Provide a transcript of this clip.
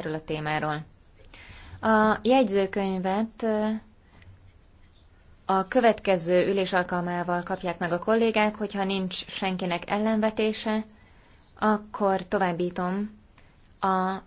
erről a témáról. A jegyzőkönyvet a következő ülés alkalmával kapják meg a kollégák, hogyha nincs senkinek ellenvetése, akkor továbbítom a